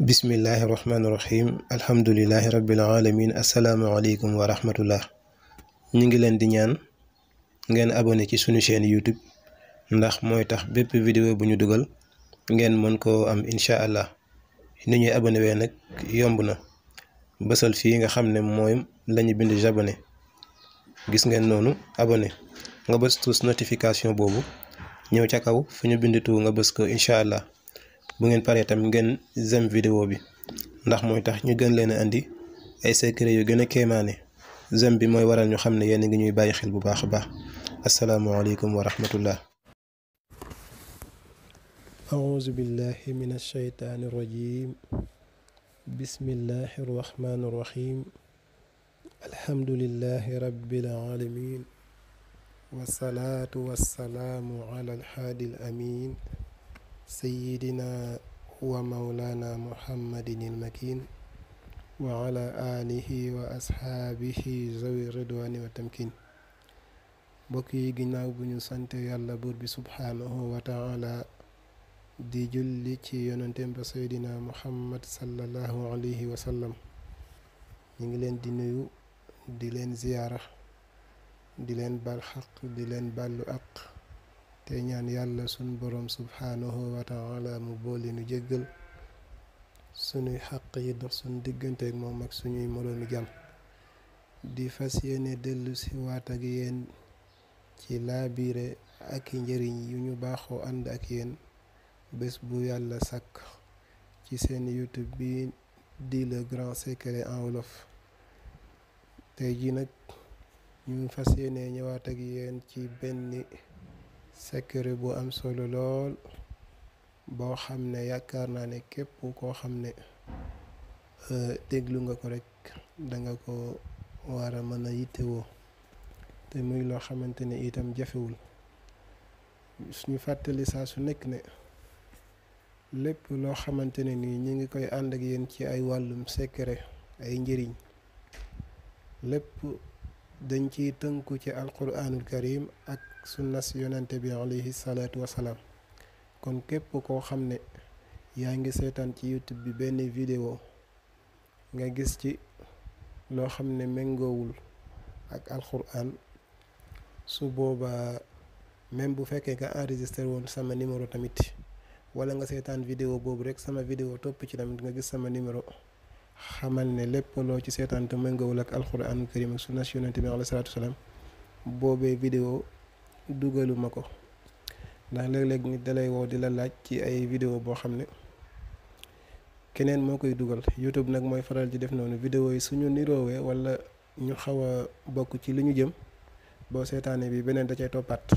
بسم الله الرحمن الرحيم الحمد لله رب العالمين السلام عليكم ورحمة الله نجلن دينان عن أبوني كي سوني شين يوتيوب نخ موي تخ بيب فيديو بني دوغل عن منكو أم إن شاء الله نيجي أبوني بينك يوم بنا بس الفي عن خم نموي لاني بند جابني جس عن نونو أبوني عن بس توس نوتيفيكاسيون بابو نيو تكاو فني بند تو عن بس كو إن شاء الله bu ngeen paree tam ngeen zem vidéo bi ndax mooy tax ñu gën leen andi ay secret yu gën a kéemaane zem bi mooy waral ñu xam ne yéen a ngi ñuy bàyyi xel bu baax a baax asalaamualeykum wa rahmatullah أعوذ بالله من الشيطان الرجيم بسم الله الرحمن الرحيم الحمد لله رب العالمين والصلاة والسلام على الحاد الأمين سيدنا ومولانا محمد المكين وعلى آله وأصحابه ذوي الرضوان والتمكين mbokk yi ginnaaw bu ñu sante yàlla buur bi subhaanahu wa taala di julli ci yonenteem ba seydina muhammad sallallahu alayhi wa sallam ñu ngi leen di nuyu di leen ziyaara di leen bal xaq di leen bàllu aq te ñaan yàlla sun borom subhanahu wa taala mu boolinu jéggal sunuy xaq yi dox sun digganteeg moom ak suñuy moroomi jam di fas yéene dellu si waat ak yéen ci laabiire ak i njëriñ yu ñu baaxoo ànd ak yéen bés bu yàlla sàkk ci seen youtube bi di le grand secret en olof tey ji nag ñu fas yéenee ñëwaat ak yéen ci benn secret bu am solo lool boo xam ne yaakaar naa ne képp koo xam ne euh, déglu nga ko rekk danga ko war a mën a yittewoo te muy loo xamante ne itam jafewul suñu fàttali saa su nekk ne lépp loo xamante ne nii ñu ngi koy ànd ak yéen ci ay wàllum secret ay njëriñ lépp dañ ciy tënku ci alquranul karim ak sunnas yonente bi alayhi salaatu wasalaam kon képp koo xam ne yaa ngi seetaan ci youtube bi benn vidéo nga gis ci loo xam ne méngoowul ak alxuraan su boobaa même bu fekkee nga enregistré woon sama numéro tamit wala nga seetaan vidéo boobu rek sama video topp ci tamit nga gis sama numéro xamal ne lépp loo ci seetaan te méngoowul ak alxuraan karim ak sunnas yonente bi alayhi salaatu boobee vidéo dugaluma ko ndax léeg-léeg nit dalay woo di la laaj ci ay vidéo boo xam ne keneen moo koy dugal YouTube nag mooy faral di def noonu vidéo yi suñu niroowee wala ñu xaw a bokk ci li ñu jëm boo seetaanee bi beneen da cay toppaat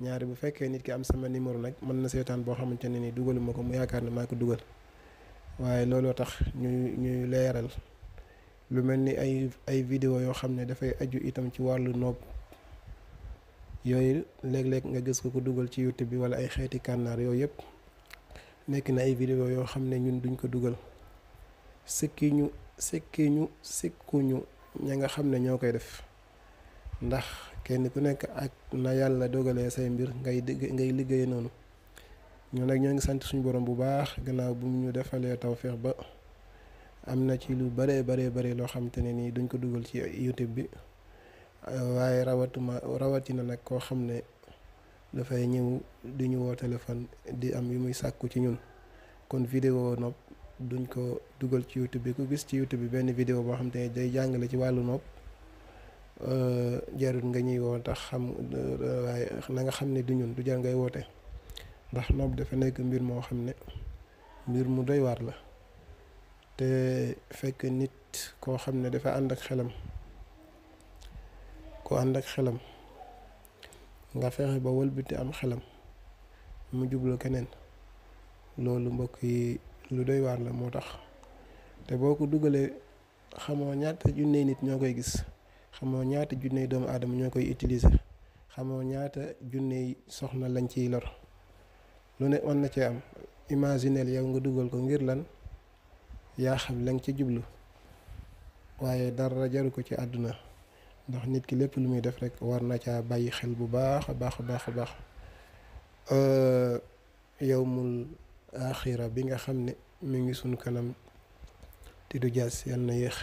ñaari bu fekkee nit ki am sama numéro nag mën na seetaan boo xamante ne nii ni dugaluma ko mu yaakaar ne maa ko dugal waaye looloo tax ñuy ñuy leeral lu mel ni ay ay vidéo yoo xam ne dafay aju itam ci wàllu nopp yooyu léeg-léeg nga gis ko ko dugal ci youtube bi wala ay xeeti kànnaar yooyu yëpp nekk na ay vidéo yoo xam ne ñun duñ ko dugal ñu ñu sikkiñu ñu ña nga xam ne ñoo koy def ndax kenn ku nekk ak na yàlla dogalee say mbir ngay ngay liggéeye noonu ñoo nag ñoo ngi sant suñu borom bu baax gannaaw bu ñu defalee tawféex ba am na ci lu bare bare bare loo xam te ne nii duñ ko dugal ci youtube bi waaye rawatuma rawatina nag koo xam ne dafay ñëw di ñu woo téléphone di am yu muy sàkku ci ñun kon vidéo nopp duñ ko dugal ci YouTube bi ku gis ci YouTube bi benn vidéo boo xam te ne day jàngale ci wàllu nopp euh, jarul nga ñuy woo tax xam na euh, nga xam ne du ñun du jar ngay woote ndax nopp dafa nekk mbir moo xam ne mbir mu doy waar la te fekk nit koo xam ne dafa ànd ak xelam ku ànd ak xelam nga fexe ba wëlbati am xelam mu jublu keneen loolu mbokk yi lu doy waar la moo tax te boo ko dugalee xamoo ñaata junney nit ñoo koy gis xamoo ñaata yi doomu aadama ñoo koy utiliser xamoo ñaata yi soxna lañ ciy lor lu ne mën na cee am imaginel yow nga dugal ko ngir lan yaa xam lañ ci jublu waaye dara jaru ko ci àdduna ndax nit ki lépp lu muy def rek war na caa bàyyi xel bu baax a baax a baax a baax yawmul axira bi nga xam ne mi ngi sunu kanam te du jaas yal na yéex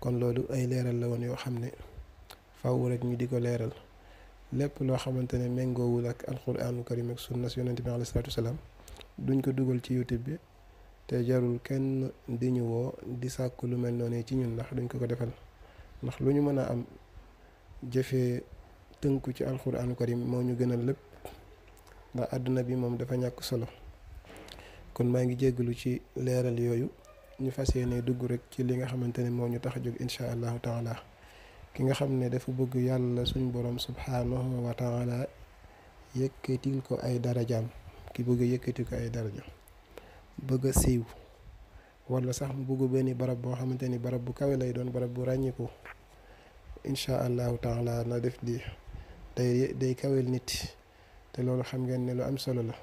kon loolu ay leeral la woon yoo xam ne faaw rek ñu di ko leeral lépp loo xamante ne méngoowul ak alquraanu karim ak sunna si yonente bi alayhi salatu wasalaam duñ ko dugal ci youtube bi te jarul kenn di ñu woo di sàkku lu mel noonu ci ñun ndax duñ ko ko defal ndax lu ñu mën a am jëfe tënku ci alxuraanu karim moo ñu gënal lépp ndax àdduna bi moom dafa ñàkk solo kon maa ngi jégalu ci leeral yooyu ñu fas yéene dugg rek ci li nga xamante ne moo ñu tax jóg incha allahu taala ki nga xam ne dafa bëgg yàlla suñu borom subhaanahu wa taala yëkkatil ko ay darajaam ki bëgg yëkkatil ko ay daraja bëgg a siiw ولا سهم بوجو بني برب بو خامتاني برب بو كاوي لاي دون برب بو رانيكو ان شاء الله تعالى نا ديف دي داي داي كاويل نيت تي لولو خام ام سولو لا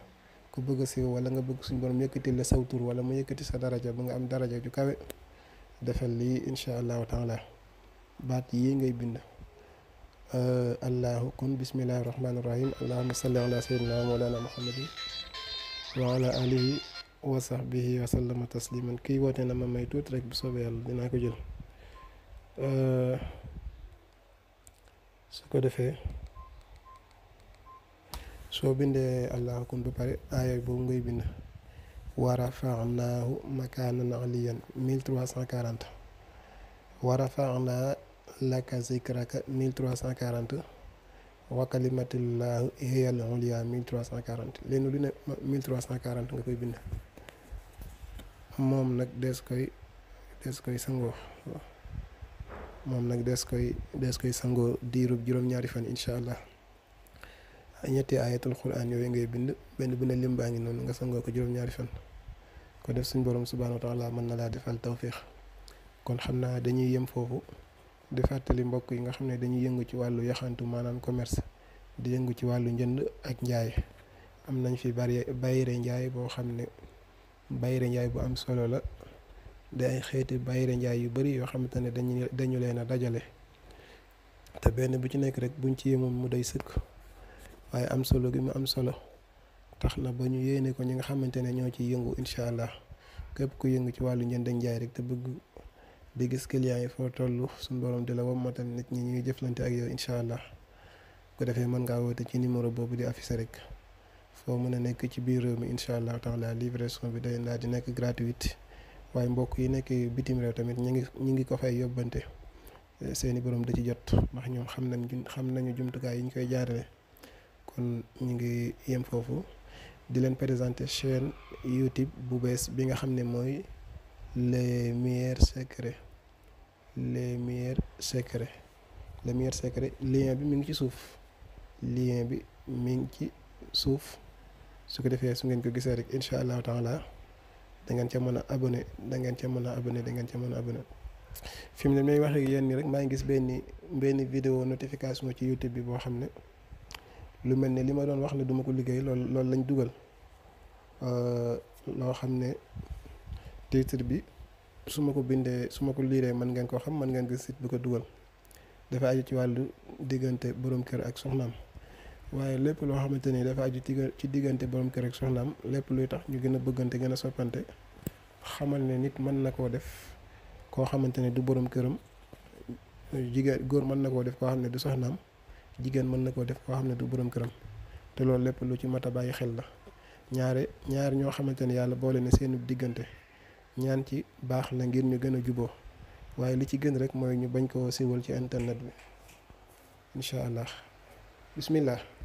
كو بوجو ولا nga بوجو سون بروم ييكتي لا ولا مو ييكتي درجه بوغا ام درجه جو كاوي دافال ان شاء الله تعالى بات يي ngay بيند الله كن بسم الله الرحمن الرحيم اللهم صل على سيدنا مولانا محمد وعلى اله وصحبه وسلم تسليما كي واتنا ما ميتوت رك بصوب يالله دينا كجل سكو دفه أه، سو بند الله كون بباري آية بونغوي بند ورفعناه مكانا عليا 1340 ورفعنا لك ذكرك 1340 وكلمة الله هي العليا 1340 لأنه لنا 1340 نقول بنا moom nag des koy des koy sangoo moom nag des koy des koy sangoo diirub juróom-ñaari fan incha allah ñetti ayatul quran yooyu ngay bind benn bu ne lim baa ngi noonu nga sangoo ko juróom-ñaari fan ko def suñ borom subhanahu wa taala mën na laa defal tawfiq kon xam naa dañuy yem foofu di fàttali mbokk yi nga xam ne dañuy yëngu ci wàllu yaxantu maanaam commerce di yëngu ci wàllu njënd ak njaay am nañ fi bari bayre njaay boo xam ne bayre njaay bu am solo la de ay xeeti bayre njaay yu bëri yoo xamante ne dañu dañu leen a dajale te benn bu ci nekk rek buñ ci yemoom mu doy sëkk waaye am solo gi mu am solo tax na ba ñu yéene ko ñi nga xamante ne ñoo ci yëngu incha allah képp ku yëngu ci wàllu njënd njaay rek te bëgg di gis clients yi foo toll suñ borom di la wamma tam nit ñi ñuy jëflante ak yow incha allah ku defee mën ngaa woote ci numéro boobu di affiche rek foo mën a nekk ci biir réew mi incha allahu taala livraison bi day daal di nekk gratuite waaye mbokk yi nekk bitim réew tamit ñu ngi ñu ngi ko fay yóbbante eh, seeni borom da ci jot ndax ñoom xam nañ xam nañu jumtukaay yi ñu koy jaarale kon ñu ngi yem foofu di leen présenter chaîne YouTube bu bees bi nga xam ne mooy les meilleurs secrets les meilleurs secrets les meilleurs secrets lien bi mi ngi ci suuf lien bi mi ngi ci suuf su ko defee su ngeen ko gisee rek incha allah taala da dangeen ca mën a abonné dangeen ngeen ca mën a abonné da ngeen ca mën a abonné fi mu ne may wax ak yéen nii rek maa ngi gis benn benn vidéo notification ci YouTube bi boo xam ne lu mel ne li ma doon wax ne duma ko liggéey lool loolu lañ dugal loo xam ne titre bi su ma ko bindee su ma ko liiree mën ngeen ko xam mën ngeen gis sit bi ko dugal dafa aju ci wàllu diggante borom kër ak soxnaam. waaye lépp loo xamante ni dafa aju ci diggante boroom kër ak soxnaam lépp luy tax ñu gën a bëggante gën a soppante xamal ne nit mën na koo def koo xamante ne du borom këram jigéen góor mën na koo def koo xam ne du soxnaam jigéen mën na koo def koo xam ne du boroom këram te loolu lépp lu ci mat a bàyyi xel la ñaare ñaar ñoo xamante ne yàlla boole na seenu diggante ñaan ci baax na ngir ñu gën a juboo waaye li ci gën rek mooy ñu bañ koo siiwal ci internet bi incha allah bismillah